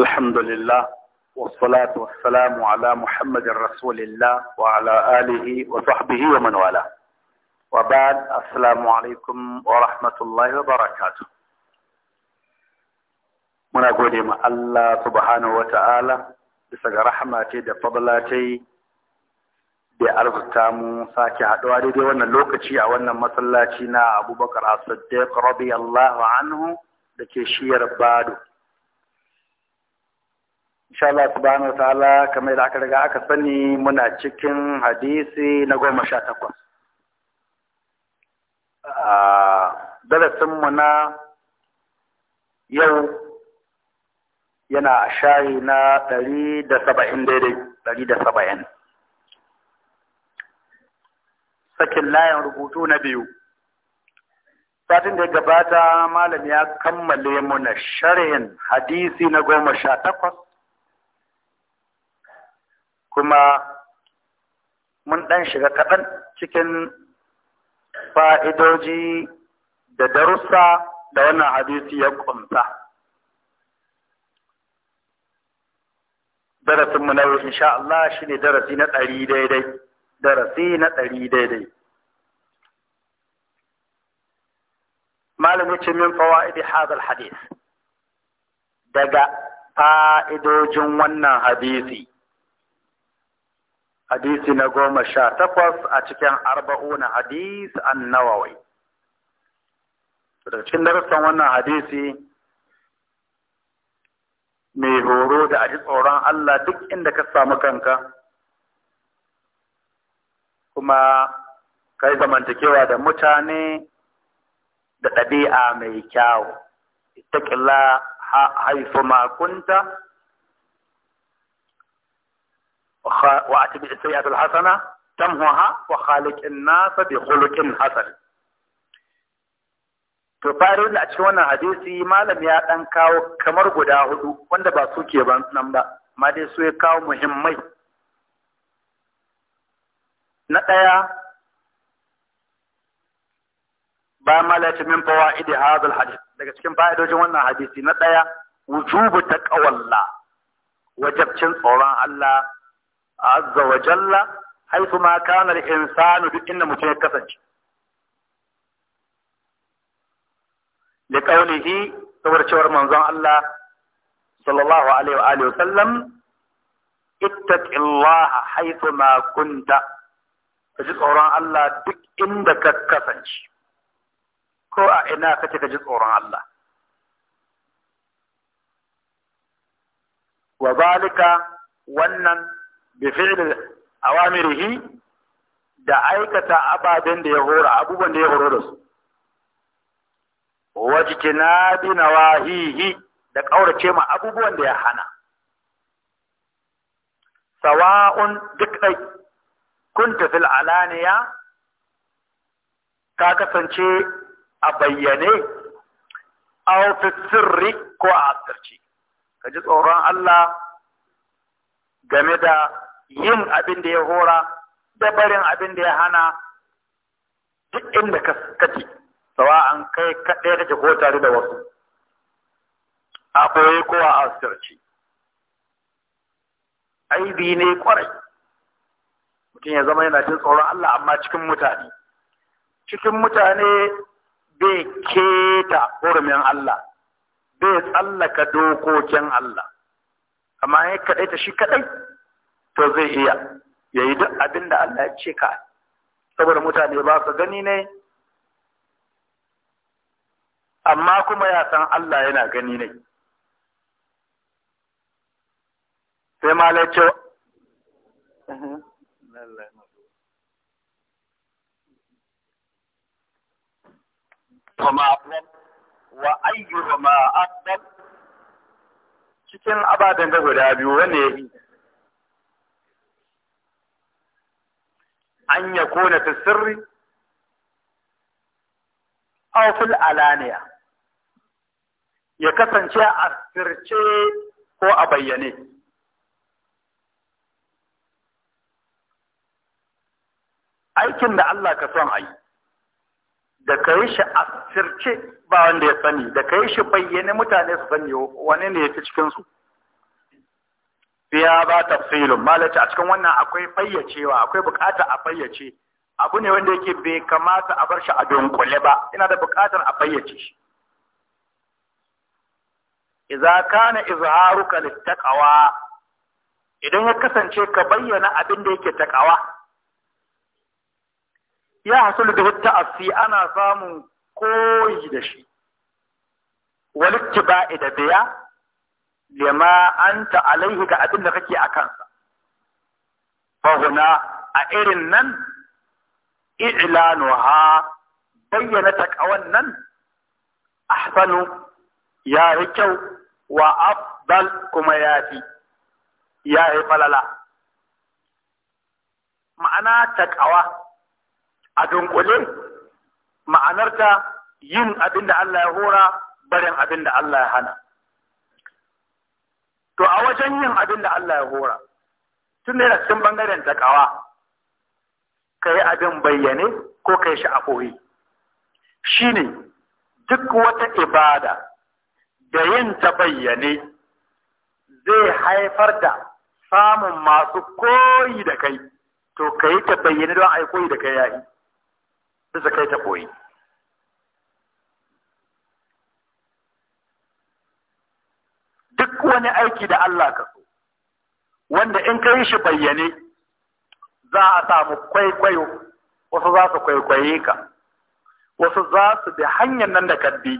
الحمد لله والصلاة والسلام على محمد رسول الله وعلى آله وصحبه ومن والاه وبعد السلام عليكم ورحمة الله وبركاته muna gode ma Allah subhanahu wa ta'ala bisa ga rahama da fadla ce da arzuta mu sake haɗuwa daidai wannan lokaci a wannan masallaci na abubakar as-siddiq radiyallahu anhu da ke shiyar bado insha Allah subhanahu wa ta'ala kamar da aka riga aka sani muna cikin hadisi na goma sha takwas darasinmu na yau yana a shayi na ɗari da saba'in daidai ɗari da saba'in sakin layin rubutu na biyu satin da ya gabata malam ya kammale mu na sharhin hadisi na goma sha takwas kuma mun ɗan shiga kaɗan cikin fa'idoji da darussa da wannan hadisi ya ƙunsa. Darasin mu na yau insha Allah shi ne darasi na ɗari daidai darasi na ɗari daidai malam ce min fawaidi hadal hadis daga fa'idojin wannan hadisi hadisi na goma sha takwas a cikin arba'una hadis an nawawai daga cikin darasin wannan hadisi mai horo da aji tsoron Allah duk inda ka samu kanka kuma ka yi zamantakewa da mutane da ɗabi'a mai kyawu itaƙila haifu makunta وأتبع السيئة الحسنة تمهها وخالق الناس بخلق حسن to farin a cikin wannan hadisi malam ya dan kawo kamar guda hudu wanda ba su ke ban nan ba amma dai su ya kawo muhimmai na ɗaya bayan malam ya min fawaidi hadal hadith daga cikin fa'idojin wannan hadisi na ɗaya wujubu taqwallah wajabcin tsoron Allah عز وجل حيث ما كان الإنسان إن متكفج لقوله صورة شور منظر الله صلى الله عليه وآله وسلم اتك الله حيث ما كنت فجد أوران الله دك إن كفج كو أعنا فتجد أوران الله وذلك وَنَّنْ bi fi'l awamirihi da aikata ababen da ya hora abubuwan da ya horo da su wajikina bi nawahihi da kaurace ma abubuwan da ya hana sawa'un duk dai kunta fil alaniya ka kasance a bayyane aw fi sirri ko a asirci ka ji tsoron Allah game da yin abin da ya hora da barin abin da ya hana duk inda ka kake sawa an kai kaɗai kake ko tare da wasu a koyi ko a asirci aibi ne kwarai mutum ya zama yana cin tsoron Allah amma cikin mutane cikin mutane bai keta hurumin Allah bai tsallaka dokokin Allah amma ya kaɗai ta shi kaɗai to zai iya ya yi duk abin da Allah ya ce ka saboda mutane ba su gani ne amma kuma ya san Allah yana gani ne sai malai ce wa ayyuhuma afdal cikin abadan da guda biyu wanne an ya kona fi sirri aw fil alaniya ya kasance a sirce ko a bayyane aikin da Allah ka son ayi da ka yi shi a sirce ba wanda ya sani da ka yi shi bayyane mutane su sani wani ne ya fi cikinsu Ya ba filin, malaci a cikin wannan akwai fayyacewa akwai bukatar a fayyace abu ne wanda yake bai kamata a bar shi a dunkule ba ina da bukatar a fayyace shi idza kana izharuka littaqwa idan ya kasance ka bayyana abin da yake takawa ya hasulu da ta'assi ana samun koyi da shi walittiba'i da biya lima anta alaihi ga abin da kake a kansa Ba huna a irin nan i'lanuha bayyana ta kawan nan ahsanu ya yi kyau wa afdal kuma ya fi ya yi falala ma'ana taqawa a dunkule ma'anarta yin abinda da Allah ya hora barin abin da Allah ya hana to a wajen yin abin da Allah ya hora tun da cikin bangaren takawa ka yi abin bayyane ko kai shi a koyi shi duk wata ibada da yin ta bayyane zai haifar da samun masu koyi da kai to ka yi ta bayyane don a yi koyi da kai yayi bisa kai ta koyi wani aiki da Allah ka so wanda in ka yi shi bayyane za a samu kwaikwayo wasu za su kwaikwaye ka wasu za su bi hanyar nan da kaddi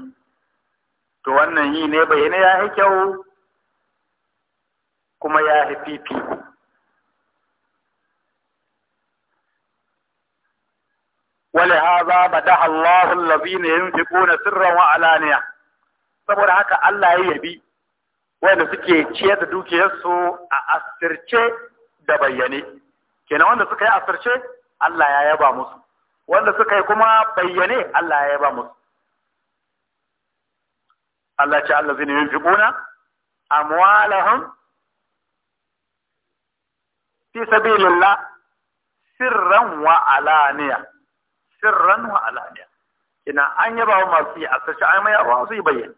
to wannan yi ne bayyane ya yi kyau kuma ya yi fifiko ولهذا مدح الله الذين ينفقون سرا وعلانية saboda haka Allah ya yabi wanda suke ciyar da dukiyarsu a asirce da bayyane kenan wanda suka yi asirce Allah ya yaba musu wanda suka yi kuma bayyane Allah ya yaba musu Allah ce Allah zini yunfiquna amwalahum fi sabilillah sirran wa alaniya sirran wa alaniya kina an yaba wa masu yi asirce an yaba wa masu yi bayyane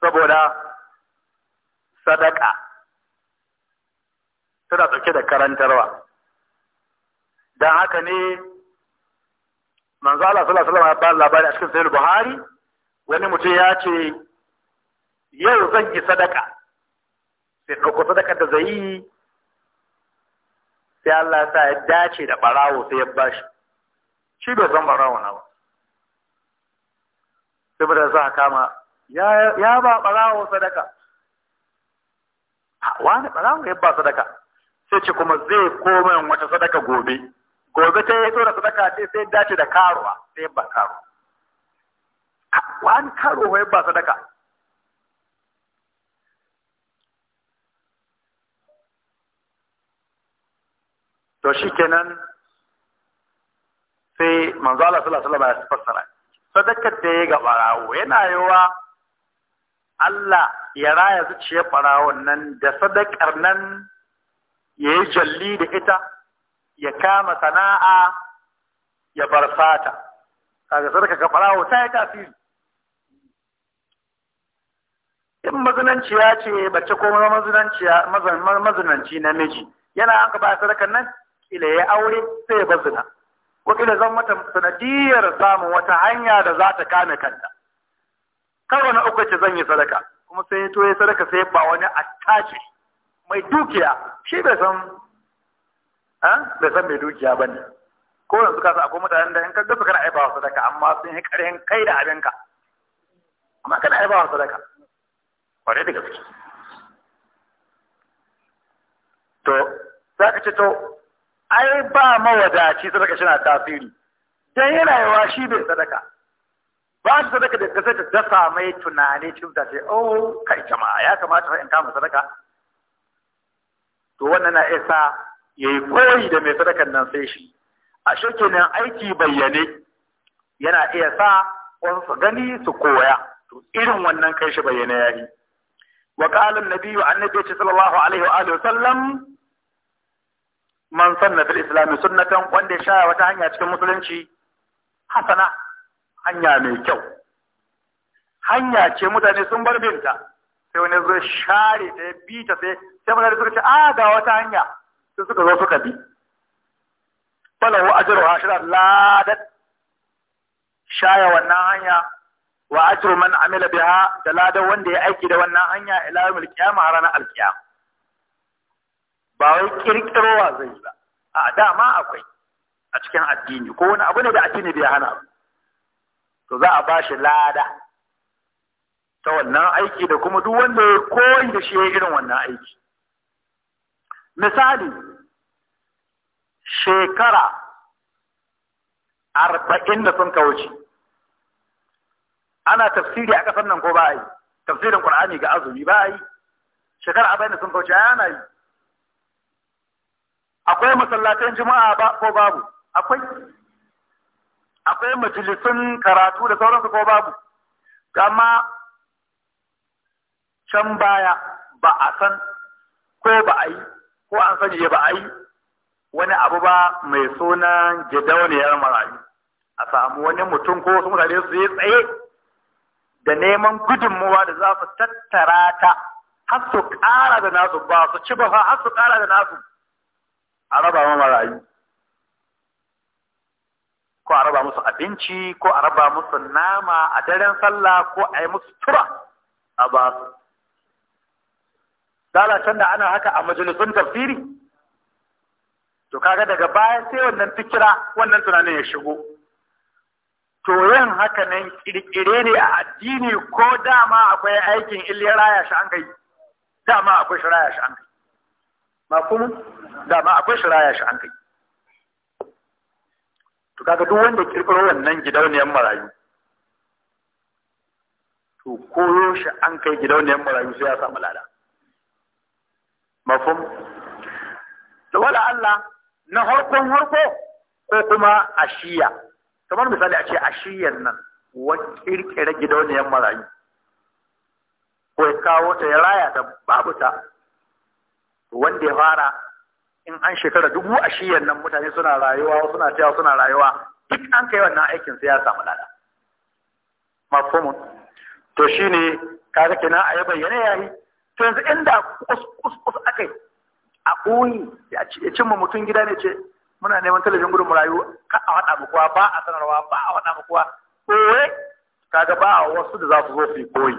saboda sadaka tana ɗauke da karantarwa don haka ne manzo Allah sallallahu alaihi wasallam labari a cikin sahih Buhari wani mutum ya ce yau zan yi sadaka sai ɗauko sadaka da zai yi sai Allah sa ya dace da barawo sai ya bashi shi bai san barawo na ba sai za kama ya ba ɓarawo sadaka wani ɓarawo ya ba sadaka sai ce kuma zai koma wata sadaka gobe gobe ta yi da sadaka sai sai dace da karuwa sai ba karo wani karo ya ba sadaka to shi kenan sai manzo Allah sallallahu alaihi wasallam ya fassara sadakar da ya ga barawo yana yawa Allah ya raya zuciyar farawon nan da sadakar nan ya yi jalli da ita ya kama sana'a ya bar fata kaga sadaka ka ta yi tasiri in mazinanciya ce bace ko mazinanci namiji yana an ka ba nan kila ya aure sai ya bar zina ko kila zan mata sanadiyar samun wata hanya da za ta kame kanta karo na uku ce zan yi sadaka kuma sai to ya sadaka sai ba wani attaci mai dukiya shi bai san eh, bai san mai dukiya ba ne ko yanzu ka sa akwai mutanen da in ka gasa kana aibawa sadaka amma sun yi karin kai da abin ka, amma kana aibawa sadaka kwarai da gaske to za ka ce to ai ba mawadaci sadaka shi na tasiri dan yana yawa shi bai sadaka ba shi sadaka da ta da dasa mai tunani cikin ta oh kai jama'a ya kamata in kama sadaka to wannan na isa yayi koyi da mai sadakan nan sai shi a nan aiki bayyane yana iya sa wasu gani su koya to irin wannan kai shi bayyane yayi wa qala an-nabi annabi sallallahu alaihi wa alihi wasallam man sanna fil islam sunnatan wanda ya shaya wata hanya cikin musulunci hasana hanya mai kyau hanya ce mutane sun bar binta sai wani zai share ta ya bi ta sai sai mutane suka ce a ga wata hanya sai suka zo suka bi falahu ajru ashra ladat shaya wannan hanya wa ajru man amila biha da ladan wanda ya aiki da wannan hanya ila yawmil qiyamah ranar alkiya. ba wai kirkirowa zai ba a dama akwai a cikin addini ko wani abu ne da addini bai hana to za a bashi lada ta wannan aiki da kuma duk wanda ya koyi da shi ya irin wannan aiki misali shekara arba'in da sun wuce ana tafsiri a ƙasar nan ko ba a yi tafsirin ƙur'ani ga azumi ba a yi shekara arba'in da sun kauce yana yi akwai masallatan jima'a ba ko babu akwai akwai majalisun karatu da sauransu ko babu Gama can baya ba a san ko ba a yi ko an sani ba a yi wani abu ba mai sunan gidauniyar marayu a samu wani mutum ko wasu mutane su yi tsaye da neman gudunmuwa da za su tattara ta har su ƙara da nasu ba su ci ba har su ƙara da nasu a raba wa marayu ko a raba musu abinci ko a raba musu nama a daren sallah ko a yi musu tura a ba su lalacen da ana haka a majalisun tafsiri to kaga daga baya sai wannan fikira wannan tunanin ya shigo to yin haka nan kirkire ne a addini ko dama akwai aikin illiyar raya shi an kai dama akwai shi raya shi an kai ma kuma dama akwai shi raya shi an kai to kaga duk wanda kirkiro wannan gidauniyar marayu to koyo shi an kai gidauniyar marayu sai ya samu lada mafum da wala Allah na harkon harko ko kuma ashiya kamar misali a ce ashiyan nan wa kirkira gidauniyar marayu ko kawo ta ya raya ta babu ta wanda ya fara in an shekara dubu a shiyan nan mutane suna rayuwa suna cewa suna rayuwa duk an kai wannan aikin sai ya samu lada mafhumun to shine kaga na a bayyane ya yayi to yanzu inda kus akai a koyi ya cin mu mutum gida ne ce muna neman talabijin gudun rayu ka a haɗa mu kuwa ba a sanarwa ba a haɗa mu kowa kowe kaga ba wasu da za su zo su koyi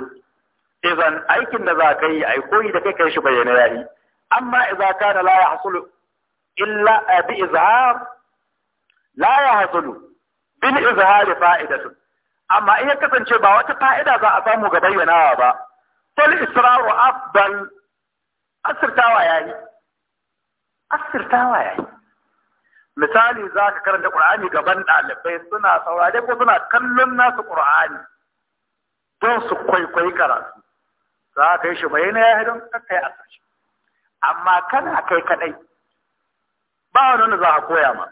idan aikin da za ka yi ai koyi da kai kai shi bayyana yayi amma idza kana la yahsulu illa بإظهار لا يحصل بالإظهار bil أما إن amma شبا ya kasance ba wata fa'ida za a samu ga bayyanawa ba fal israru asirtawa asirtawa misali za ka karanta qur'ani gaban ɗalibai suna saurare ko suna kallon nasu qur'ani don su kwaikwayi karatu za ka yi shi mai na ya hidon a asirci amma kana kai kadai ba wani wanda za a koya ma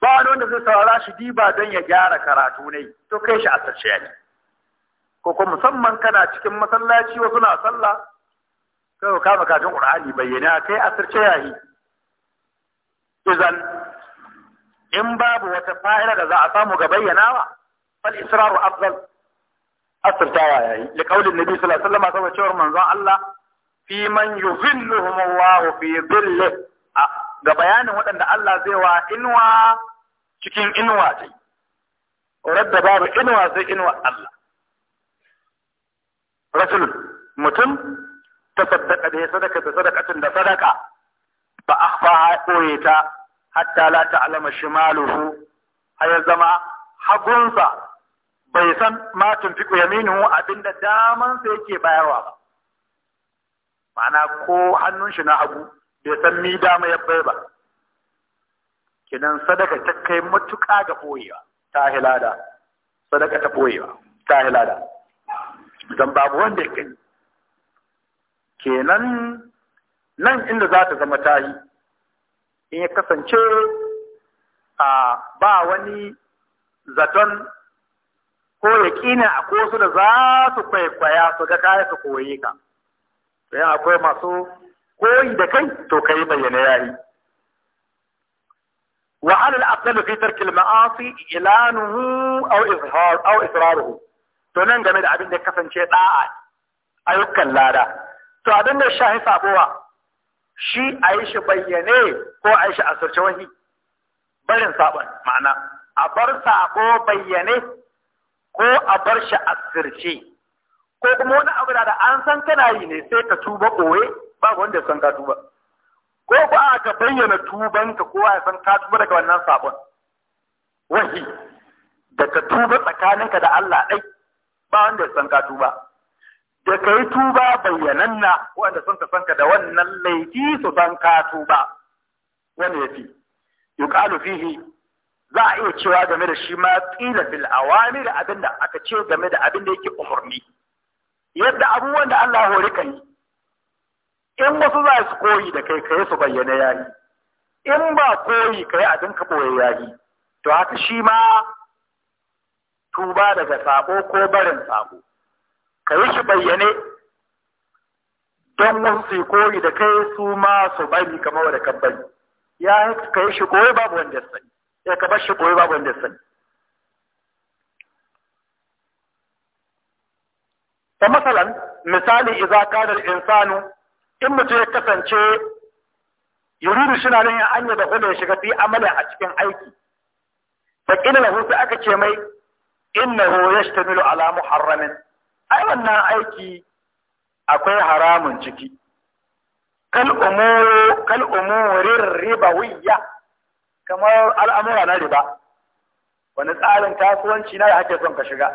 ba wani wanda zai saurara shi diba don ya gyara karatu ne to kai shi asirce ne ko kuma musamman kana cikin masallaci wasu na sallah kai ka makatun qur'ani bayyana kai asirce yi idan in babu wata fa'ida da za a samu ga bayyanawa fal israru afdal asirtawa yayi li qaulin nabi sallallahu alaihi wasallam saboda cewar manzon Allah fi man yuzilluhum Allah fi dhillihi ga bayanin waɗanda Allah zai wa inuwa cikin inuwa dai da babu inuwa zai inuwa Allah rasul mutum ta sadaka da ya sadaka da sadakatin da sadaka ba a fa ɓoye ta hatta la ta'lama shimaluhu ya zama hagunsa bai san ma ya minu abinda damansa yake bayarwa ba ma'ana ko hannun shi na hagu bai san ni dama ya bai ba kinan sadaka ta kai matuƙa ga ɓoyewa ta hilada sadaka ta ɓoyewa ta hilada don babu wanda ya kai kenan nan inda za ta zama yi in ya kasance a ba wani zaton ko yaƙinin a su da za su kwaikwaya su ga kaya su koye ka. Sai akwai masu koyi da kai to kai bayyana yayi wa ala al-aqal fi tark al-ma'asi ilanuhu aw izhar aw israruhu to nan game da abin da kasance da'a ayyukan lada to abin da shahi sabuwa shi ayi shi bayyane ko ayi shi asirce wahi barin sabon ma'ana a bar sabo bayyane ko a bar shi asirce ko kuma wani abu da an san kana yi ne sai ka tuba ɓoye ba wanda san ka tuba ko ba a ka bayyana tubanka ko ya san ka tuba daga wannan sabon wahi da ka tuba tsakaninka da Allah ɗai ba wanda ya san ka tuba da ka yi tuba bayyananna wanda sun ka san ka da wannan laifi su san ka tuba wani ya fi yuqalu fihi za a iya cewa game da shi ma tsila fil awamir abinda aka ce game da abin da yake umarni yadda abubuwan da Allah hori kan yi in wasu za su koyi da kai kai su bayyana yayi in ba koyi kai abin dinka boye yayi to haka shi ma tuba daga sako ko barin sako kai shi bayyane don wasu su koyi da kai su ma su bari kamar wanda kan bari ya kai shi koyi babu wanda ya sani ya ka bar shi koyi babu wanda ya sani ta masalan misali idza kana al-insanu in mutum ya kasance yuridu suna nan ya anyar da kuma ya shiga fi amala a cikin aiki fa kila lahu sai aka ce mai innahu yashtamilu ala muharramin ai wannan aiki akwai haramun ciki kal umuru kal umurir ribawiyya kamar al'amura na riba wani tsarin kasuwanci na da ake son ka shiga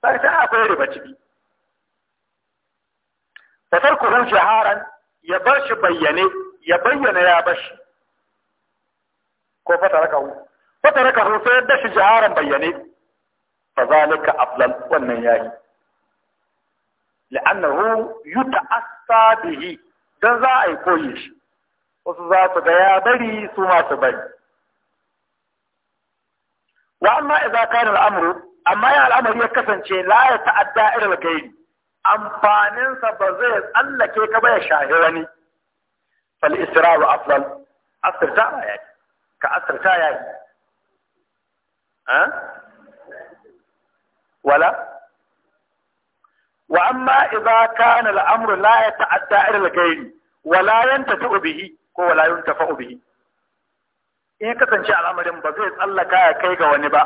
sai akwai riba ciki fa tarkuhu jaharan ya bar shi bayyane ya bayyana ya bar shi ko fata hu fata hu sai da shi jaharan bayyane fa zalika afdal wannan yayi la'annahu yuta'assa bihi dan za a yi koyi shi wasu za su ga ya bari su ma su bari wa amma idza kana amma ya al'amari ya kasance la ya ta'adda ila al-ghairi amfaninsa ba zai tsallake ka ba ya shahi wani fal isra'u afdal asirta ba yayi ka asirta yayi ha wala wa amma idza kana al-amru la yata'adda ila al-ghayr wa la yantatu bihi ko wa la yuntafa bihi in kasance al'amarin ba zai tsallaka ya kai ga wani ba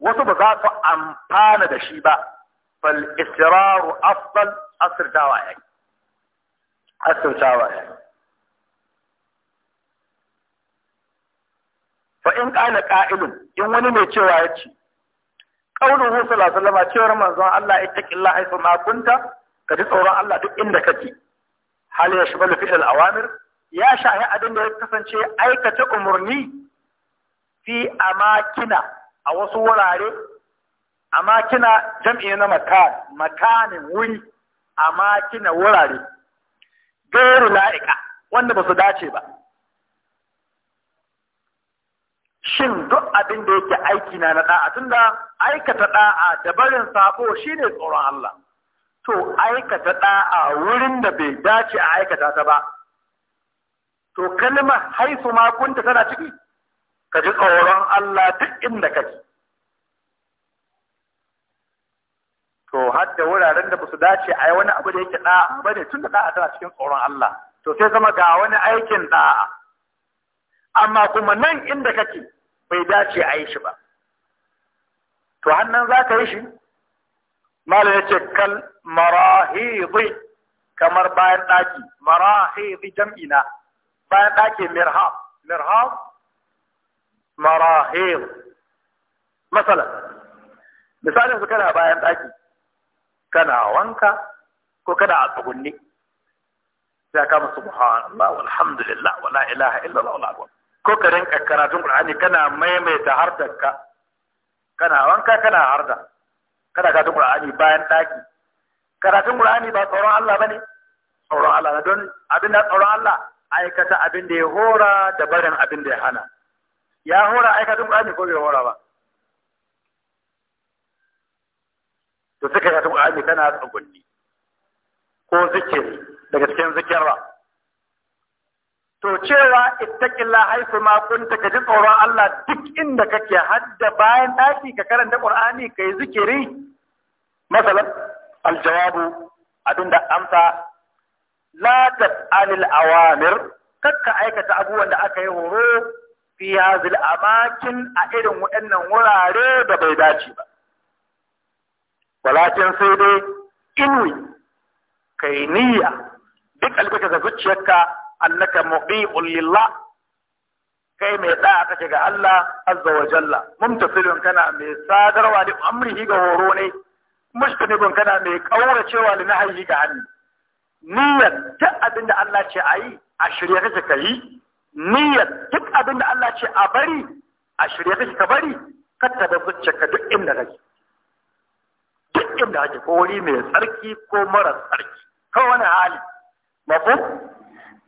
wasu ba za su amfana da shi ba فالإسرار أفضل أصر سوائك أصر سوائك فإن كان قائل إن ونمي شوائك قوله صلى الله عليه وسلم أتشو رمضان الله إتك الله حيث ما كنت قد تورا الله دك إنك تي هل يشمل فعل الأوامر يا شاهي أدن يكتفن شيء أيكة أمرني في أماكن أو صور عليه amma kina jam'i na makan makanin wuri amma kina wurare gairu la'ika wanda ba su dace ba shin duk abin da yake aiki na na da'a tunda aikata da'a da barin sabo shine tsoron Allah to aikata da'a wurin da bai dace a aikata ta ba to kalmar haifu ma kunta tana ciki ka ji tsoron Allah duk inda kake to har da wuraren da basu dace a yi wani abu da yake da'a ba ne tun da da'a tana cikin tsoron Allah to sai zama ga wani aikin da'a amma kuma nan inda kake bai dace a yi shi ba to hannan za ka yi shi malam ya ce kal marahidi kamar bayan ɗaki marahidi jam'ina bayan ɗaki mirhab mirhab marahid مثلا misalin su kana bayan ɗaki kana wanka ko kana a tsugunne sai ka musu subhanallah walhamdulillah wala ilaha illallah wala akbar ko ka rinka karatun qur'ani kana maimaita hardarka kana wanka kana harda kana karatun qur'ani bayan daki karatun qur'ani ba tsoron Allah bane tsoron Allah don abin da tsoron Allah aikata abin da ya hora da barin abin da ya hana ya hora aikatun qur'ani ko bai hora ba to suka yi Qur'ani tana tsugunni ko zikiri daga cikin zikirra to cewa ittaqillah haifu ma kunta ka ji tsoron Allah duk inda kake hadda bayan ɗaki ka karanta Qur'ani kai zikiri masalan aljawabu abinda amsa la tas'alil awamir kakka aikata abubuwan da aka yi horo fi hazil amakin a irin waɗannan wurare da bai dace ba walakin sai dai inwi kai niyya duk albaka ga zuciyarka annaka mubi'un lillah kai mai da kake ga Allah azza wa jalla mumtasilun kana mai sadarwa da amrihi ga horo ne mustanibun kana mai kauracewa da nahayi ga hannu niyyar duk abin da Allah ce a yi a shirye kake ka yi niyyar duk abin da Allah ce a bari a shirye kake ka bari ka tabbata ka duk inda kake aikin da ake ko wuri mai tsarki ko mara tsarki ko wani hali mafi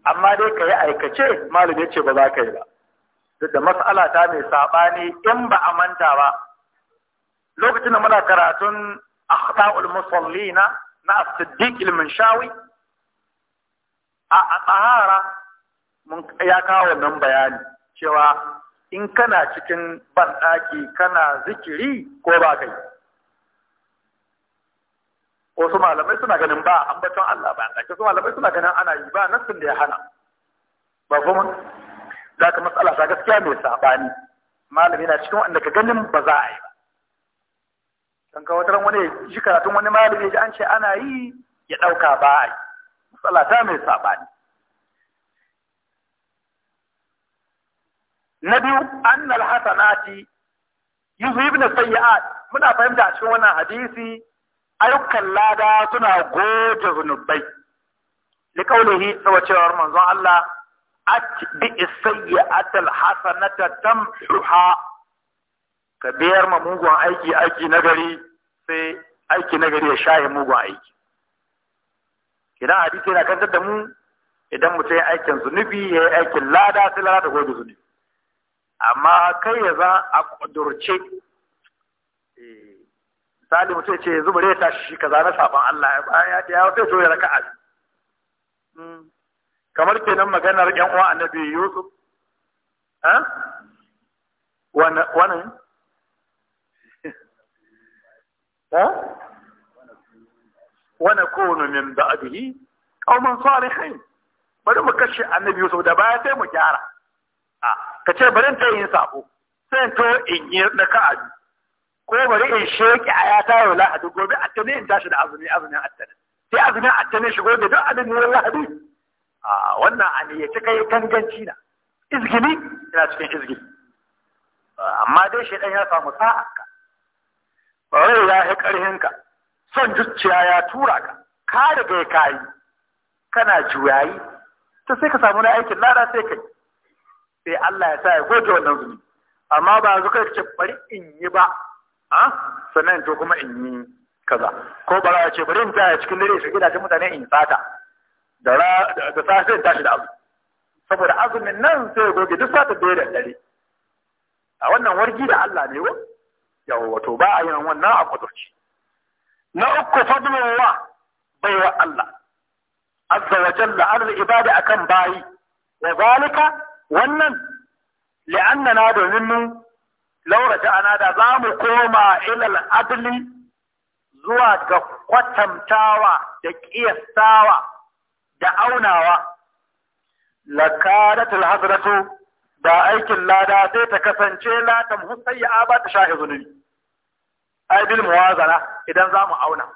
amma dai ka yi aikace malum ya ce ba za ka yi ba duk da matsala ta mai saɓani in ba a manta ba lokacin da muna karatun haɗa ulmusalli na na siddiq ilmin shawi a tsahara mun ya kawo wannan bayani cewa in kana cikin banɗaki kana zikiri ko ba kai wasu malamai suna ganin ba ambaton Allah ba tsaka su malamai suna ganin ana yi ba nassin da ya hana ba kuma za ka matsala ta gaskiya mai sabani malami na cikin wanda ka ganin ba za a yi ba don ka wataran wani ji karatun wani malami ji an ce ana yi ya ɗauka ba a yi matsala ta mai sabani na biyu an alhasanati yuzu ibn sayyi'at muna fahimta a cikin wannan hadisi ayyukan lada suna goje zunubai li kaulihi tsawa cewar manzon Allah at bi sayyi'at atal hasanata tamhuha ka biyar ma mugun aiki aiki nagari sai aiki nagari ya shaye mugun aiki idan hadisi yana kantar da mu idan mutum ya aikin zunubi ya yi aikin lada sai lada goje zunubi amma kai ya za a kudurce eh, misali mutum ce yanzu bari ya tashi shi kaza na saban Allah ya da ya sai so ya raka'a hmm. kamar kenan maganar yan uwa annabi Yusuf ha wannan ha da kunu min ba'dihi qauman salihin bari mu kashe annabi Yusuf da baya sai mu gyara a ah, kace bari ta yin sabo sai to in yi na raka'a ko bari in sheki a ya tayo lahadi gobe a tane in tashi da azumi azumin attane sai azumin attane shi gobe don abin ne lahadi a wannan aniyyaci kai ganganci na izgini ina cikin izgi. amma dai ɗan ya samu ka bari ya yi ka. son zuciya ya tura ka ka riga ka yi kana juyayi to sai ka samu na aikin lada sai kai sai Allah ya sa ya goge wannan zumi amma ba zuka ce bari in yi ba a sannan to kuma in yi kaza ko bara ya ce bari in tsaya cikin dare shi gidajen mutane in fata da da safe tashi da abu saboda azumin nan sai goge duk sata da da dare a wannan wargi da Allah ne wa yawa wato ba a yin wannan a kudurci na uku bai wa Allah azza wa jalla an ibada akan bayi wa zalika wannan na domin mun laura ana da za mu koma ilal adli zuwa ga kwatantawa da ƙiyastawa da aunawa lakadatul hasratu da aikin lada sai ta kasance la tamhu sayya'a ba ta shahi zunubi ai bil muwazana idan za mu auna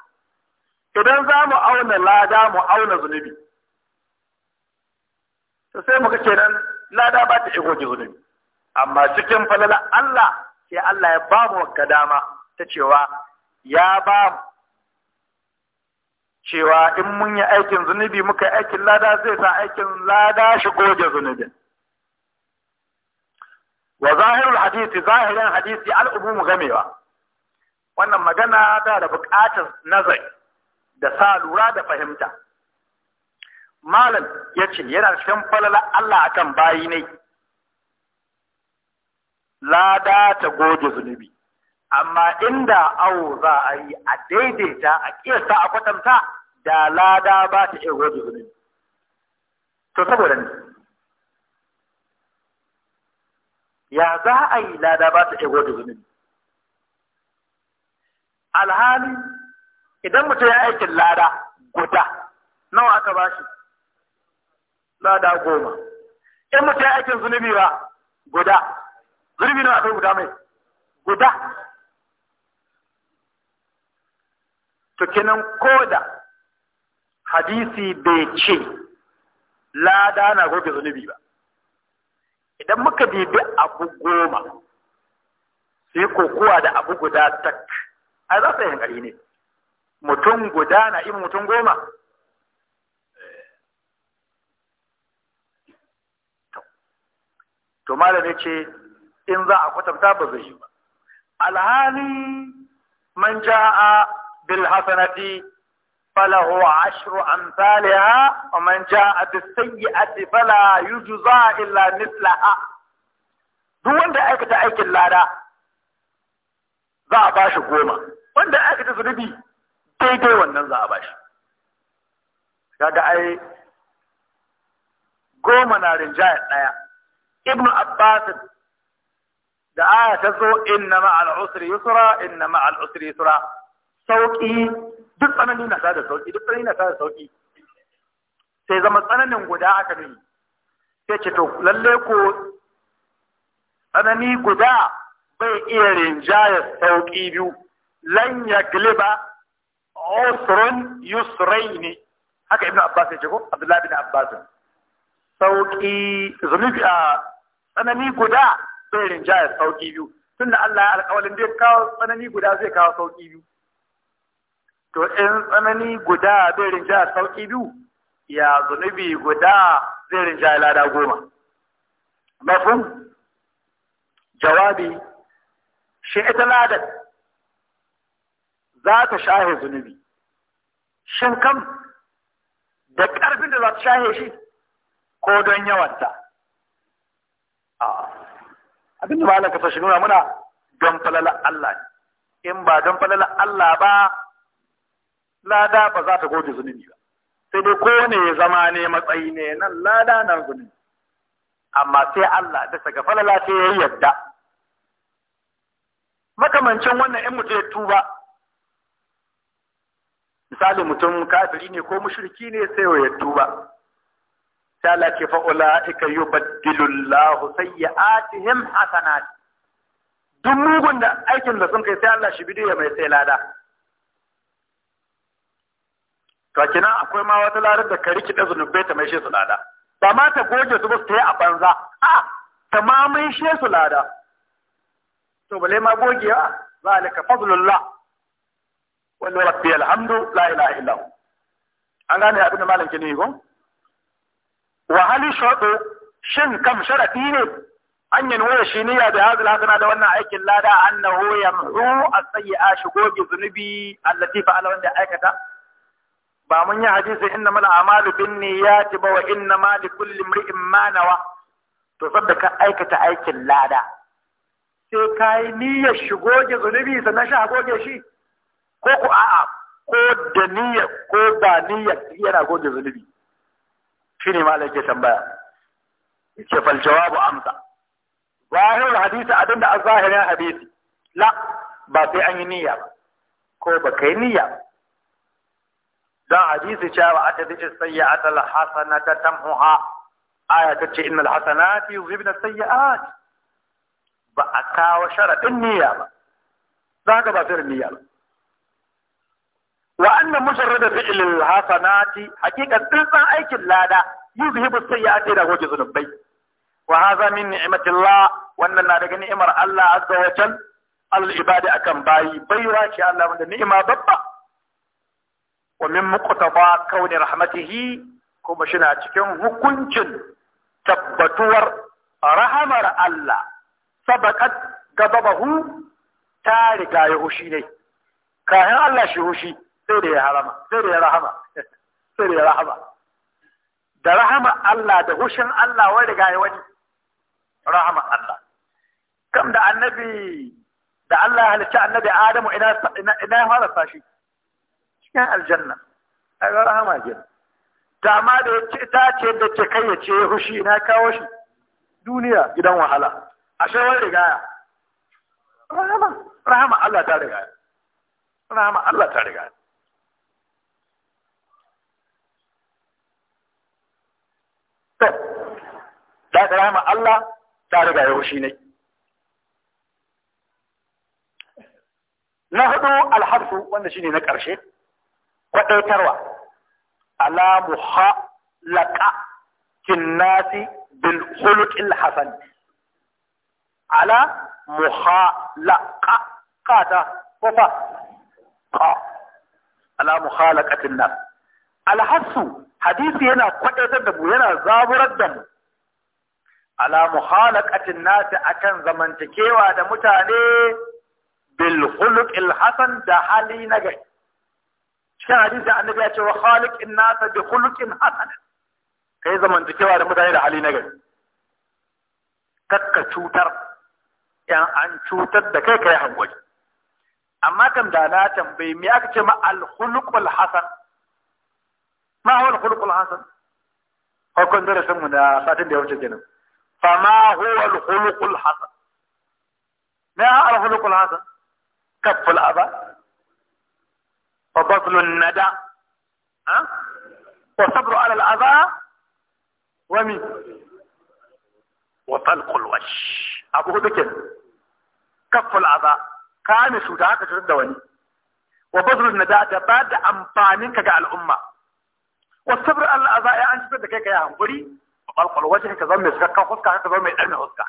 idan za mu auna lada mu auna zunubi Sai sai muka kenan lada ba ta igoge zunubi amma cikin falalar Allah sai Allah ya ba mu wanka dama ta cewa ya ba mu cewa in mun yi aikin zunubi muka aikin lada zai sa aikin lada shi goge zunubin wa zahirul hadisi zahirin hadisi al'ubu gamewa wannan magana ta da bukatar nazari da sa lura da fahimta malam ya ce yana cikin falala Allah akan bayi ne lada ta goge zunubi amma inda awo za a yi a daidaita a kiyasta a kwatanta da lada ba ta iya goge zunubi to saboda ne ya za a yi lada ba ta iya goge zunubi alhali idan mutum ya aikin lada guda nawa aka ba shi lada goma in mutum ya aikin zunubi ba guda zurbi nawa akwai guda mai guda to kenan koda hadisi bai ce lada na goge zunubi ba idan muka bibi abu goma sai kokowa da abu guda tak ai za su yi hankali ne mutum guda na ibi mutum goma eh. to malam ya ce in za a kwatanta ba zai yi ba alhali man ja'a bil hasanati falahu ashru amsalha wa man ja'a bis sayyi'ati fala yujza illa mithlaha duk wanda aikata aikin lada za a bashi goma wanda aikata zunubi daidai wannan za a bashi kaga ai goma na rinjaya ɗaya ibnu abbas da aya ta zo inna ma al'usri yusra inna ma al'usri yusra sauki duk tsanani na da sauki duk tsanani na da sauki sai zama tsananin guda aka nuni sai ce to lalle ko tsanani guda bai iya rinjaya sauki biyu lan ya gliba usrun yusraini haka ibnu abbas ya ce ko abdullahi bin abbas sauki zunubi a tsanani guda zai rinjaya sauki biyu tunda Allah ya alƙawalin zai kawo tsanani guda zai kawo sauki biyu to in tsanani guda zai rinjaya sauki biyu ya zunubi guda zai rinjaya lada goma mafin jawabi shi ita ladar za ta shahe zunubi shin kam da ƙarfin da za ta shahe shi ko don yawanta abin da malam kasar nuna muna don falala Allah ne. in ba don falala Allah ba lada ba za ta goge zunubi ba sai dai ko ya zama ne matsayi ne nan lada nan zunubi amma sai Allah da saka falala sai ya yadda makamancin wannan in mutum ya tuba misali mutum kafiri ne ko mushriki ne sai ya tuba sai Allah ce fa ulaika yubaddilullahu sayyi'atihim hasanat duk mugun da aikin da sun kai sai Allah shi bidiyo mai sai lada to kina akwai ma wata larar da ka rikida zunubai ta mai shi su lada ba ma ta goge su ba su yi a banza a ta ma mai shi su lada to bale ma gogewa zalika fadlullah wallahi rabbil hamdu la ilaha illa an gane abin da malam ke ne ko Wahali hali shin kam sharafi ne an yi nuna shi niyya da hazil hasana da wannan aikin lada annahu a a a shigo bi zunubi allati fa'ala wanda aikata ba mun yi hadisi inna mal a'malu bin niyyati ba wa inna ma li kulli imri'in ma nawa to sabda ka aikata aikin lada sai kai niyyar shigo ji zunubi sannan sha goge shi ko ku a'a ko da niyya ko ba niyyar yana goge zunubi shine malai ke tambaya yace fal jawabu amsa zahirul hadisi abinda a zahirin hadisi la ba sai an yi niyya ba ko ba kai niyya ba dan hadisi cewa ata bi sayyi'ata al hasanata tamhuha aya ta ce innal hasanati yuzhibna sayyi'at ba a kawo sharadin niyya ba za ka ba sai niyya ba wa anna mujarrada fi'lil hasanati haqiqan tsantsan aikin lada yuzhibu sayyi'ati da goge zunubai wa hadha min ni'matillah wannan na daga ni'imar Allah azza wa jal al ibadi akan bayi baiwa ce Allah wanda ni'ima babba wa min muqtaba kauni rahmatihi kuma shina cikin hukuncin tabbatuwar rahamar Allah sabaqat gababahu ta riga ya hushi ne kayan Allah shi hushi سيري يا حرام سيري يا رحمة سيري يا رحمة ده رحمة الله ده الله وين جاي رحمة الله كم دع النبي دع الله اللي شاء النبي آدم وإنا س... إنا إنا هذا فاشي شكل الجنة هذا رحمة الجنة ده ما ده تا شيء ده شيء كي شيء غشي إنا كوش دنيا جدا وحلا عشان وين جاي رحمة رحمة الله تعالى رحمة الله تعالى ta karama Allah ta riga yau shi ne na hudu alhafsu wanda shine na ƙarshe kwadaitarwa ala muhallaqa kinnasi bil khuluqil hasan ala muhallaqa kata ko fa ala muhalaqatin nas alhassu hadisi yana kwatantar da mu yana zaburar da mu ala muhalaqatin nasi akan zamantakewa da mutane bil al hasan da hali na gari cikin hadisi annabi ya ce wa khaliqin nasa bi khuluqin hasan kai zamantakewa da mutane da hali na gari kakka cutar yan an cutar da kai kai hankali amma kam da na tambayi me aka ce ma al al hasan ما هو الخلق الحسن هو كان درس من خاتم دي وجهنا فما هو الخلق الحسن ما هو الخلق الحسن كف الأبى وبطل الندى ها وصبر على الأذى ومن وطلق الوش أبو هدكين كف الأعضاء كان سوداء كجرد دواني وبذل النداء دباد أمبانين كجعل أمة wasabr Allah a za'a an fitar da kai yi hankuri ɓalƙwal wajen ka zama mai kan huska ka zama mai dan huska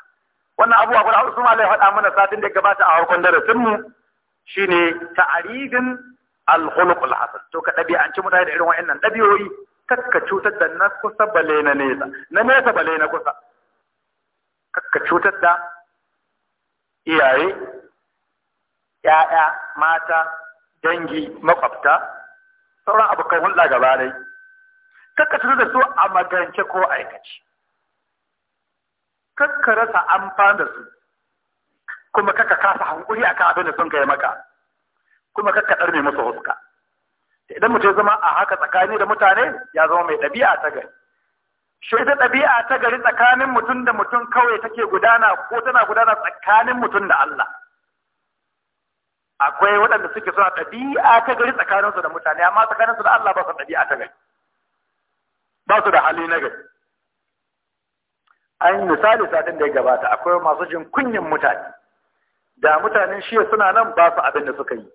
wannan abubuwa guda Usman ma laifin faɗa mana satin da gabata a harkon darasin mu shine ta'aridin al-khuluq al-hasan to ka an ci mutane da irin wa'annan dabi'o'i kakka cutar da na kusa bale na nesa na nesa bale na kusa kakka cutar da iyaye ‘ya'ya, mata, dangi, makwabta, sauran abokan hulɗa gaba dai. kakkatu da su a magance ko aikace kakka rasa amfani da su kuma kakka kasa hankuri akan abin da sun kai maka kuma kakka mai musu huska idan mutum zama a haka tsakani da mutane ya zama mai ɗabi'a ta gari shi ita ɗabi'a ta gari tsakanin mutum da mutum kawai take gudana ko tana gudana tsakanin mutum da Allah akwai waɗanda suke suna ɗabi'a ta gari tsakaninsu da mutane amma tsakaninsu da Allah ba su ɗabi'a ta gari ba su da hali na gari an misali satin da ya gabata akwai masu jin kunyin mutane da mutanen shi suna nan ba su abin da suka yi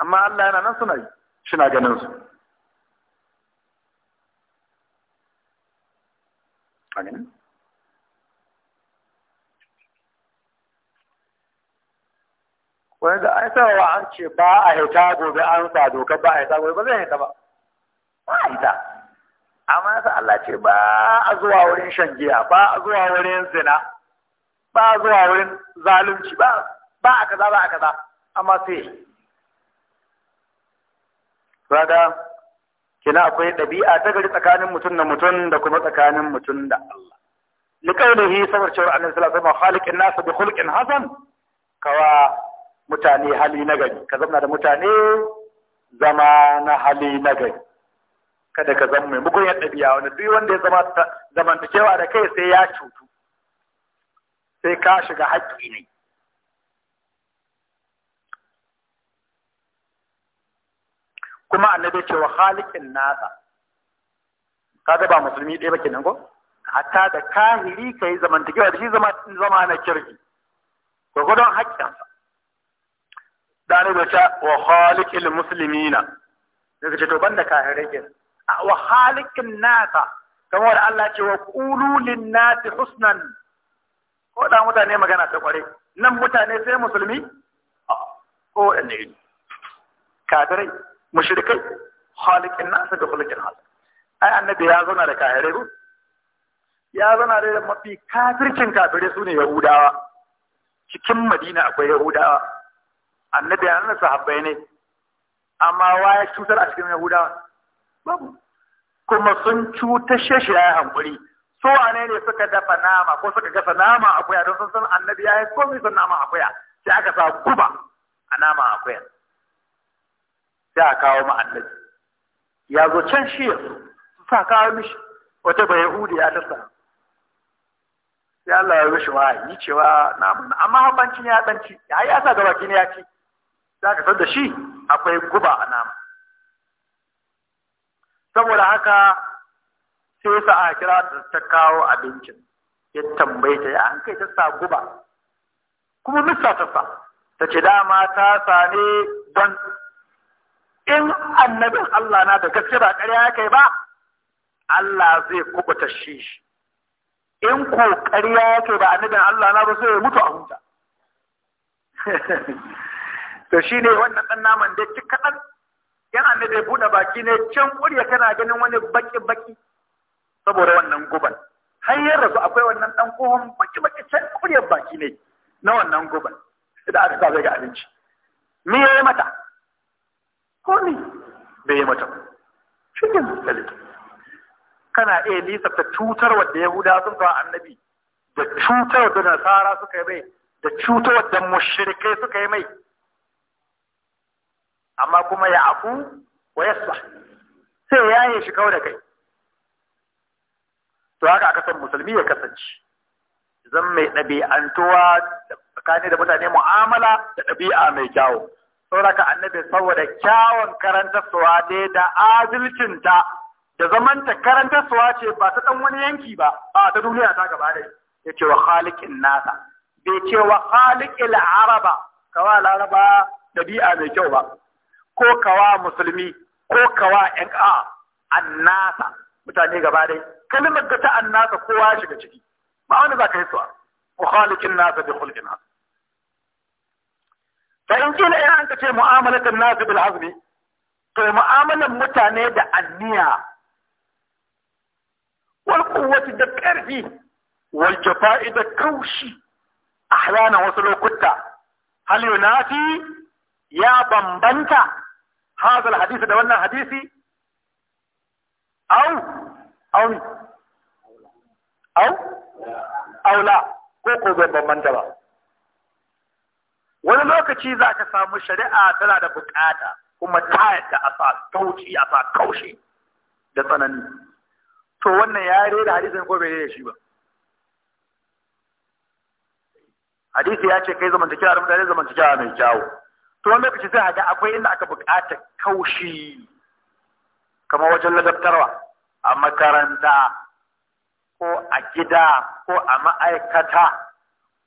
amma Allah yana nan suna yi shina ganin su wani da an sawa an ce ba a hita gobe an sa doka ba a hita gobe ba zai hita ba ba a hita amma yasa Allah ce ba a zuwa wurin shan giya ba a zuwa wurin zina ba a zuwa wurin zalunci ba ba a kaza ba a kaza amma sai kaga kina akwai ɗabi'a ta gari tsakanin mutum da mutum da kuma tsakanin mutum da Allah liqaulihi sabar cewa annabi sallallahu alaihi wasallam khaliqin nas bi khulqin hasan kawa mutane hali na gari ka zama da mutane zama na hali na gari kada ka zama mai mugun ɗabi'a wani duk wanda ya zama zamantakewa da kai sai ya cutu sai ka shiga haƙƙi ne kuma annabi wa halikin nasa Ka ba musulmi ɗaya ba kenan ko hatta da kahiri yi zamantakewa da shi zama zama na kirki gwagwadon haƙƙinsa da annabi ce wa halikil muslimina daga ce to banda kahirai kenan wa halikin nasa kamar da Allah ce wa ƙululin nati husnan ko da mutane magana ta kware nan mutane sai musulmi ko waɗanne iri kafirai mushrikai halikin nasa da halikin hal ai annabi ya zauna da kafirai ko ya zauna da mafi kafircin kafirai su ne yahudawa cikin madina akwai yahudawa annabi ya nuna sahabbai ne amma wa ya cutar a cikin yahudawa babu kuma sun cuta shi ya hankuri so a ne suka dafa nama ko suka gasa nama akuya don sun san annabi ya yi komai sun nama akuya sai aka sa guba a nama akuya sai a kawo ma annabi ya zo can shi ya su sa kawo mishi wata bai hudu ya ta sa sai Allah ya rushe wa yi cewa na. amma habanci ne ya ɗanci. ya yi asa gabaki ne ya ci za ka san da shi akwai guba a nama saboda haka sai sa a kira ta kawo abincin ya tambaye ta ya an kai ta sa guba kuma nusa ta sa ta ce dama ta sane don in annabin Allah na da gaske ba ƙarya ya kai ba Allah zai kubuta shi in ko ƙarya ya kai ba annabin Allah na ba sai ya mutu a huta to shine wannan ɗan naman da ci kaɗan Yan annabi ya buɗe baki ne can ƙurya kana ganin wani baki baki saboda wannan guban har yin rasu akwai wannan ɗan kohon baki baki can ƙuryar baki ne na wannan guban da aka sa ga abinci me ya yi mata ko ni bai yi mata shi ne misali kana iya ta cutar wadda yahuda sun kawo annabi da cutar wadda nasara suka yi mai da cutar wadda mushrikai suka yi mai amma kuma ya afu wa yasfa sai ya yi shi kawai da kai to haka aka san musulmi ya kasance zan mai ɗabi'antuwa tsakani da mutane mu'amala da ɗabi'a mai kyawu sauraka annabi saboda kyawun karantarsuwa ne da adalcinta da zamanta karantarsuwa ce ba ta ɗan wani yanki ba a ta duniya ta gaba da ya ce wa khaliqin nasa bai ce wa khaliqil araba kawa laraba ɗabi'a mai kyau ba ko kawa musulmi ko kawa yan a annasa mutane gaba dai kalmar da ta annasa kowa shiga ciki ba wani za ka yi suwa mukhalikin nasa bi khulqin nasa fa in kila ina an ce mu'amalatan nasa bil azmi to mu'amalan mutane da anniya wal quwwati da karfi wal jafa'i da kaushi ahlana wasu lokuta hal yunafi ya bambanta hadal hadisi da wannan hadisi au au au la, ko ko ban bambanta ba wani lokaci za ka samu shari'a tana da bukata kuma ta yadda a sa tauci a sa kaushe da tsanani to wannan ya yi da hadisin ko bai shi ba hadisi ya ce kai zamantakewa da mutane zamantakewa mai kyawu to wani lokaci zai ga akwai inda aka buƙata kaushi Kama wajen ladabtarwa a makaranta ko a gida ko a ma'aikata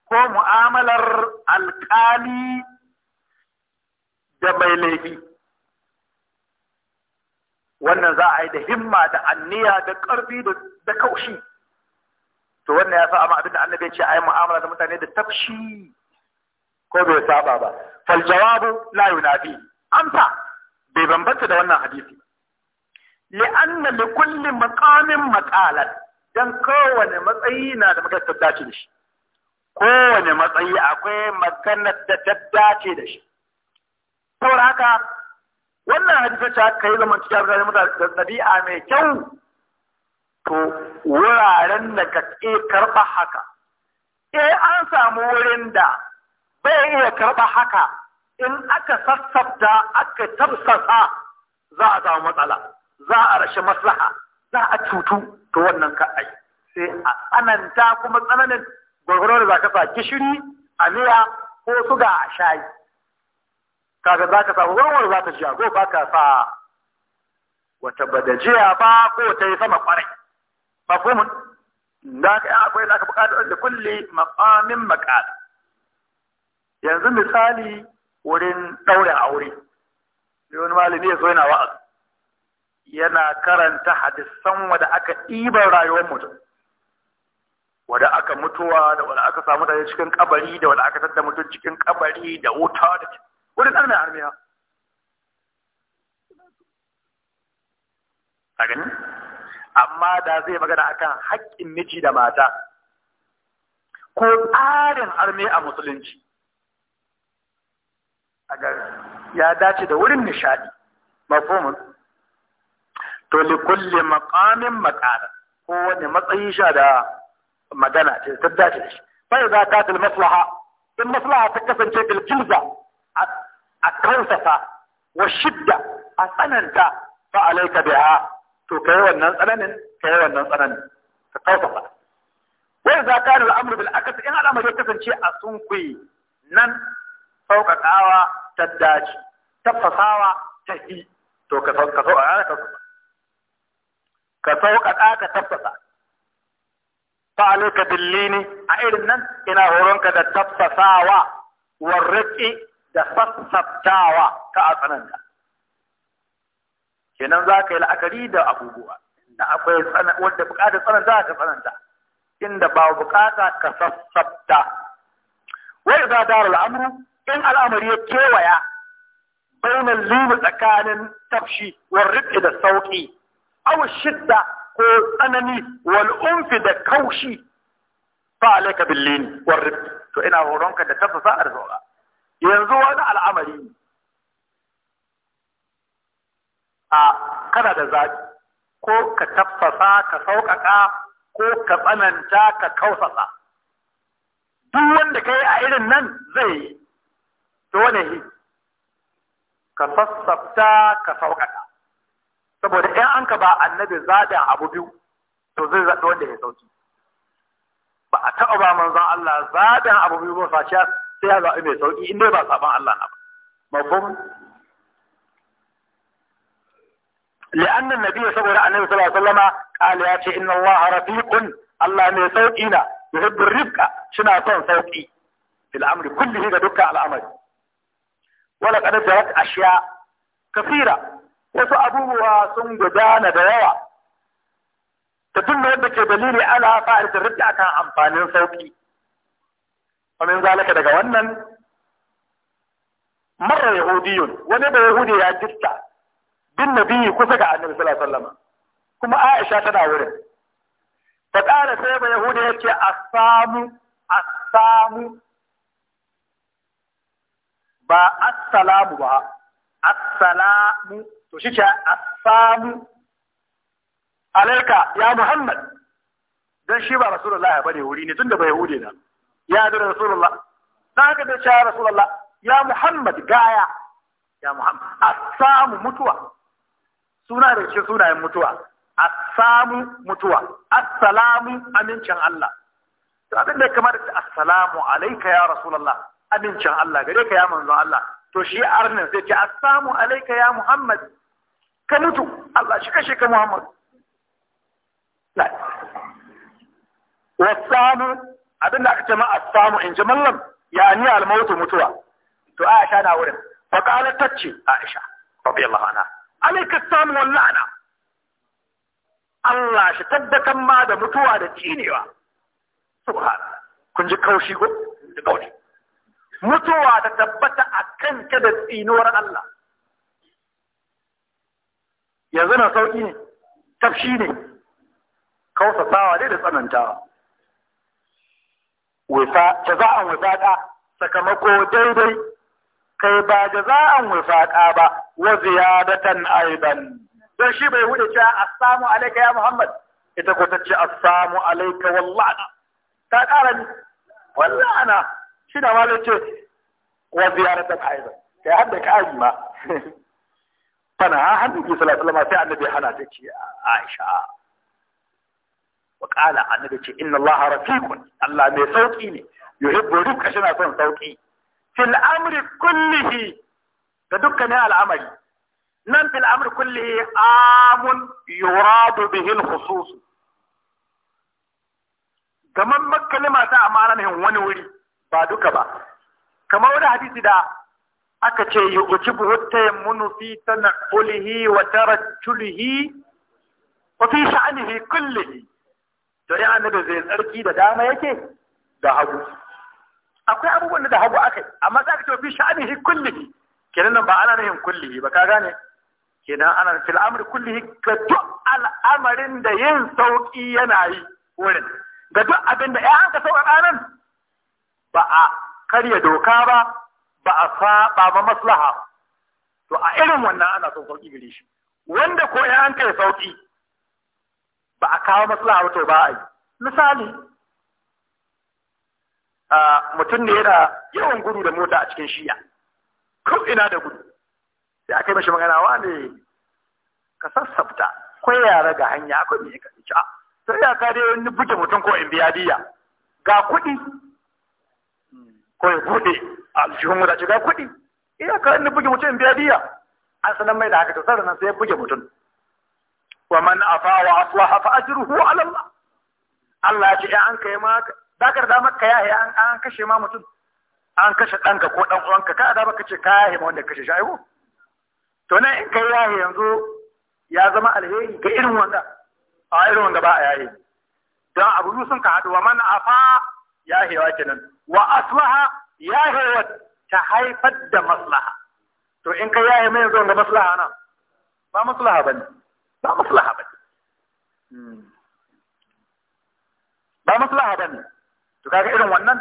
ko mu'amalar alƙali da mai laifi wannan za a yi da himma da anniya da ƙarfi da kaushi to wannan ya sa amma abinda annabi ce a yi mu'amala da mutane da tafshi ko bai saba ba fal jawabu la yunafi amsa bai bambanta da wannan hadisi li'anna li kulli maqamin dan kowane matsayi na da maganar da dace da shi kowane matsayi akwai maganar da ta dace da shi saboda haka wannan hadisi ta kai zaman cikin abin da dabi'a mai kyau to wuraren da ka karɓa haka eh an samu wurin da bai iya karɓa haka in aka sassafta, aka tafsasa za a samu matsala za a rashi maslaha za a cutu to wannan ka sai a tsananta kuma tsananin gwagwaro da za ka sa gishiri a miya ko suga a shayi kaga za ka sa gwagwaro za ta jiya ko ba ka sa wata badajiya ba ko ta yi sama kwarai Ba kuma da ka akwai za aka buƙatar da kulle maqamin maqal yanzu misali wurin ɗaurin aure wani malami ya zo yana wa'azi yana karanta hadisan wanda aka ɗiban rayuwar mutum wadda aka mutuwa da wadda aka samu da cikin kabari da wadda aka tadda mutum cikin kabari da wuta da wurin ɗan mai armiya a gani amma da zai magana akan haƙƙin miji da mata ko tsarin arme a musulunci ya dace da wurin nishadi mafhumun to li kulli maqamin maqala kowane matsayi sha da magana ce ta dace da shi za ka katil maslaha in maslaha ta kasance bil jilza a kansasa wa shidda a tsananta fa alayka biha to kai wannan tsananin kai wannan tsananin ka kansasa Wai za ka al-amru bil akas in al'amari ya kasance a sunkuyi nan sauƙaƙawa ta daji tafasawa ta yi to ka sauƙaƙa ka ka sauƙaƙa ka tafasa fa'aluka billini a irin nan ina horonka da tafasawa warriki da sassaftawa ka a tsananta kenan za ka yi la'akari da abubuwa da akwai wanda bukata tsananta ka tsananta inda ba bukata ka sassafta wai za dara al'amura in al'amari ya kewaya bainal lumi tsakanin tafshi wa riƙe da sauƙi aw shidda ko tsanani wal da kaushi fa alayka bil lin wa to ina horonka da tafasa arzuwa yanzu wani al'amari a kada da zaɓi ko ka tafasa ka sauƙaƙa ko ka tsananta ka kausasa duk wanda ka yi a irin nan zai yi dole hi ka sassafta ka sauƙaƙa saboda in an ka ba annabi zaɓin abu biyu to zai zaɓi wanda ya sauki ba a taɓa ba manzon Allah zaɓin abu biyu ba sai ya zaɓi mai sauki in dai ba saɓan Allah na ba na لأن النبي صلى الله عليه وسلم قال يا شيء إن Allah, رفيق الله من سوقنا يحب الرفق شنا صن سوقي في الأمر كله دك dukkan al'amari. wala kada jarat ashiya kafira wasu abubuwa sun gudana da yawa da duk wanda ke dalili ala fa'il da akan amfanin sauki ومن zalaka daga wannan mara yahudiyun wani da yahudi ya jitta bin biyu kusa ga annabi sallallahu alaihi kuma aisha tana wurin fa qala sai ba yahudi samu a samu. ba assalamu ba assalamu to shi ce assamu alalka ya muhammad Don shi ba rasulullah ba ne wuri ne tun da bai hude na ya da rasulullah dan haka da cewa rasulullah ya muhammad gaya ya muhammad assamu mutuwa suna da cikin sunayen mutuwa assamu mutuwa assalamu amincin Allah to abin da kamar assalamu alayka ya rasulullah amincin Allah gare ka ya manzon Allah to shi arnin sai ce assalamu alayka ya Muhammad ka mutu Allah shi kashe ka Muhammad wasamu abinda aka ce ma assamu in ji mallam ya ni almautu mutuwa to Aisha na wurin fa qalat tacce Aisha radiyallahu anha alayka assamu wal la'na Allah shi tabbatan ma da mutuwa da cinewa subhana kun ji kaushi ko da kaushi mutuwa ta tabbata a kanka da tsinuwar Allah yanzu na sauƙi ne tafshi ne kausasawa dai da tsanantawa wisa a wifaqa sakamako daidai kai ba da za a wifaqa ba wa ziyadatan aidan dan shi bai wuce cewa assalamu alayka ya muhammad ita ko tace assalamu alayka wallahi ta ƙara ni wallahi shi da ma zai ce wa ta aizan kai hadda da kari ma fana ha hannu ki sallallahu alaihi sai annabi hana ta ce Aisha wa kala annabi ce inna Allah rafiqun Allah mai sauki ne yuhibbu rifqa shi na son sauki fil amri kullihi da dukkanin al'amari nan fil amri kullihi amun yuradu bihi al-khusus gaman makkalima ta amana ne wani wuri ba duka ba kamar wani hadisi da aka ce uci yujibu tayammunu fi tana kulihi wa tara tarattulihi wa fi sha'anihi kullihi to ya annabi zai tsarki da dama yake da hagu akwai abubuwan da hagu akai amma za ka ce fi sha'anihi kullihi kenan ba ana nahin kullihi ba ka gane kenan ana fil amri kullihi ga duk al'amarin da yin sauki yana yi wurin ga duk abin da ya ka sauka nan ba a karya doka ba ba a saba ba maslaha to a irin wannan ana son sauki gare shi wanda ko ya an kai sauki ba a kawo maslaha ba to ba a yi misali mutum ne yana yawan gudu da mota a cikin shiya ko ina da gudu sai aka mashi magana wa ne ka sassafta ko yara ga hanya ko me ka ci a ah, sai ya kare ni buge mutum ko in biya diya ga kuɗi ko ya buɗe a aljihun mu da shiga kuɗi ka in buge mutum biya biya an sanar mai da haka to sannan sai ya buge mutum wa man afa wa aslaha fa ajruhu ala Allah Allah ya ce ya eh, an kai maka dakar da maka ya ya an kashe ma mutum an kashe ɗanka ko ɗan uwanka ka da baka ce ka yahe ma wanda kashe shi aiwo to nan in kai yahe yanzu ya zama alheri ga irin wanda a irin wanda ba a yahe don abu sun ka haɗu wa man afa yahewa kenan wa aslaha yahewa ta haifar da maslaha to in kai yahe mai yanzu ga maslaha nan ba maslaha bane ba maslaha bane hmm. ba maslaha bane to kaga irin wannan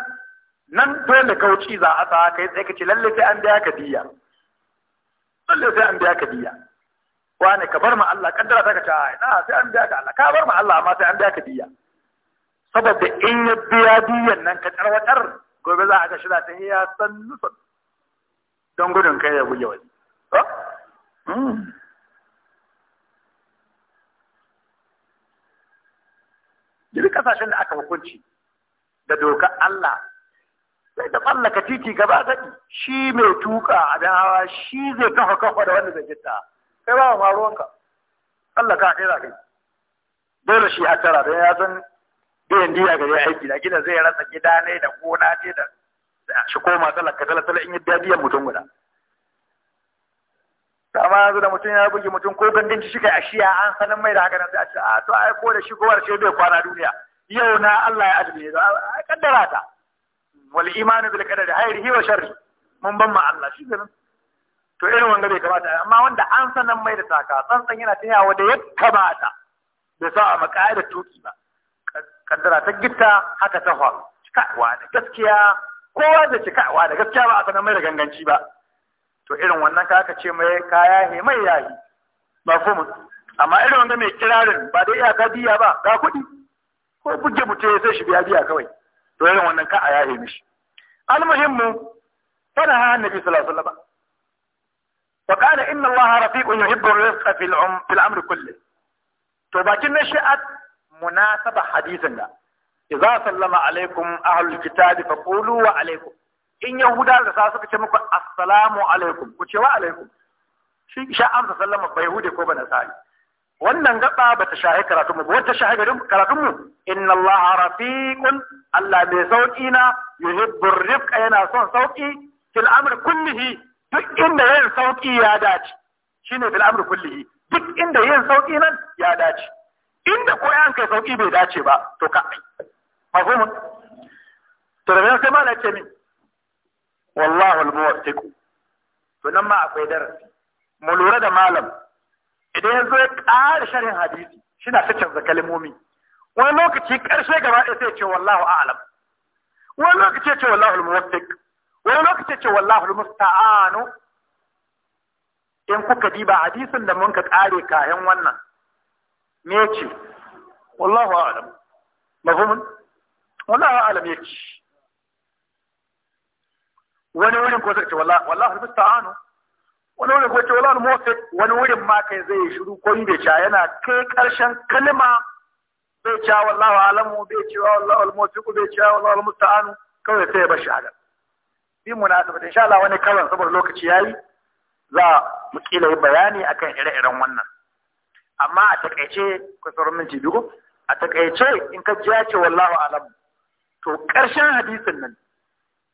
nan dole kauci za a tsaya kai sai kace lalle sai an biya ka diya lalle sai an biya ka diya wane ka bar ma Allah kaddara ta ka ta ina sai an biya ka Allah ka bar ma Allah amma sai an biya ka diya saboda in ya biya biyan nan ka tarwatar gobe za a ga shida ta iya san nufin don gudun kai ya buge wani Jiri hmm. kasashen da aka hukunci da doka Allah sai da tsallaka titi gaba gaɗi shi mai tuka abin hawa shi zai kafa kafa da wanda zai jitta kai ba ma ruwanka tsallaka ka kai za kai dole shi a tara don ya san biyan diya ga ya aiki na gida zai rasa gida ne da gona ce da shi koma talaka talaka in yi biyan mutum guda amma yanzu da mutum ya buge mutum ko gandun shi kai ashiya an sanin mai da haka na, sai a ce a to ai ko da shi kowar ce bai kwana duniya yau na Allah ya azumi a kaddara ta wal imanu bil qadari hayrihi wa sharri mun ban ma Allah shi ne? to irin wanda bai kamata amma wanda an sanin mai da taka tsantsan yana tayawa da ya kamata bai sa a maƙa'ida tuki ba kaddara ta gitta haka ta faru cikawa da gaskiya kowa da cikawa da gaskiya ba a sanar mai da ganganci ba to irin wannan ka aka ce mai kaya he mai yayi ba kuma amma irin wanda mai kirarin ba dai iyaka biya ba ga kuɗi ko buge mutum sai shi biya biya kawai to irin wannan ka a yaye mishi almuhimmu kana ha annabi sallallahu alaihi wasallam wa qala inna allaha rafiqun yuhibbu ar-rifqa um, fil amri kulli to bakin nashi munasaba hadisin da idza sallama alaikum ahlul kitabi fa qulu wa alaikum in yahuda da sa suka ce muku assalamu alaikum ku ce wa shi sha amsa sallama bai hude ko ba wannan gaba ba ta shahi karatun mu wata shahi garin karatun mu inna allaha rafiqun allah mai sauki na yuhibbu rifqa yana son sauki fil amri kullihi duk inda yin sauki ya dace shine fil amri kullihi duk inda yin sauki nan ya dace inda ko an kai sauki bai dace ba to ka ai mafhumu to da sai mala ce min wallahu al-muwaffiq to nan ma akwai darasi mu lura da malam idan ya zo ya ƙara sharhin hadisi shi na ta canza kalmomi wani lokaci ƙarshe gaba ɗaya sai ce wallahu a'lam wani lokaci ce wallahu al-muwaffiq wani lokaci ce wallahu al-musta'anu in kuka diba hadisin da mun ka ƙare kayan wannan me yace wallahu a'lam mafhumun wallahu a'lam yace wani wurin ko sai wallahi wallahi musta'anu wani wurin ko ce wallahi muwaffiq wani wurin ma kai zai shiru ko yi bai cha yana kai karshen kalma bai cha wallahu a'lamu bai ce wallahu al-muwaffiq bai cha wallahu al-musta'anu kawai sai ya bar shahada bi munasabata insha Allah wani karan saboda lokaci yayi za mu kila yi bayani akan ire-iren wannan amma a takaice ku sauran minti biyu a takaice in ka jiya ce wallahu alam to ƙarshen hadisin nan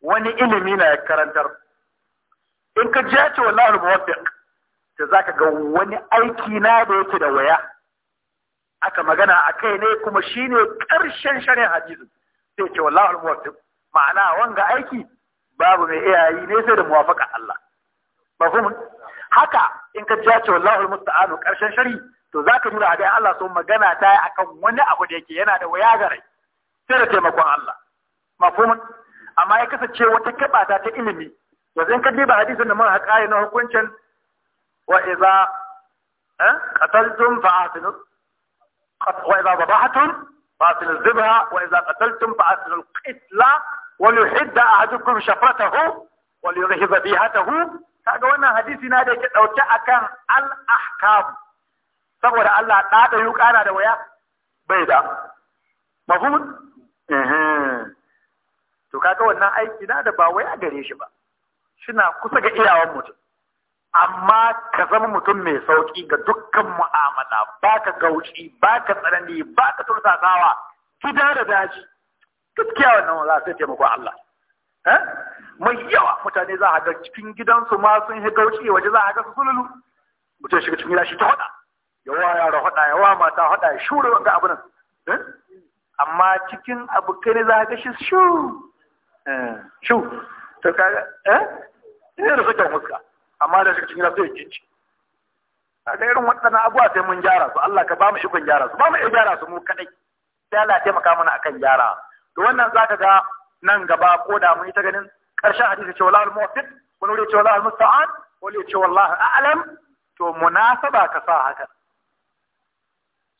wani ilimi na ya karantar in ka jiya ce wallahu al-muwaffiq za ka ga wani aiki na da yake da waya aka magana a kai ne kuma shi ne ƙarshen shari'a hadisin sai ce wallahu alam ma'ana wanga aiki babu mai iyayi ne sai da muwafaka Allah mafhumin haka in ka ji ce wallahu al ƙarshen shari'a to za ka nuna a dai Allah sun magana ta yi akan wani abu da yake yana da waya ga rai sai da taimakon Allah mafhumin amma ya kasance wata kaba ta ta ilimi yanzu in ka diba hadisin da mun haƙa na hukuncin wa idza eh qataltum fa asinu wa idza dhabahatum fa asinu dhibha wa idza qataltum fa asinu qitla wa yuhidda ahadukum shafratahu wa yurhiba bihatahu kaga wannan hadisi na da yake dauke akan al ahkam saboda Allah ɗaɗa yi ƙara da waya bai da mafhum to kaga wannan aiki na da ba waya gare shi ba shina kusa ga iyawan mutum amma ka zama mutum mai sauƙi ga dukkan mu'amala ba ka gauci ba ka tsanani ba ka tursasawa gida da daji gaskiya wannan za su taimako Allah eh? mai yawa mutane za a ga cikin gidansu masu sun yi gauci waje za a ga su sululu mutum shiga cikin gida shi ta hada yawa yara hada yawa mata hada ya shura wanga abu nan eh? amma cikin abu kai za ka shi shu eh, shu to kaga eh ina da sakin fuska amma da cikin gida sai A kaga irin waɗannan abuwa sai mun gyara su Allah ka ba mu ikon gyara su ba mu iya gyara su mu kadai sai Allah ya taimaka mana akan gyara to wannan za ka ga nan gaba ko da mun yi ta ganin ƙarshen hadisi cewa lahul muwaffiq wani wuri cewa lahul musta'an wani cewa lahul a'lam to munasaba ka sa haka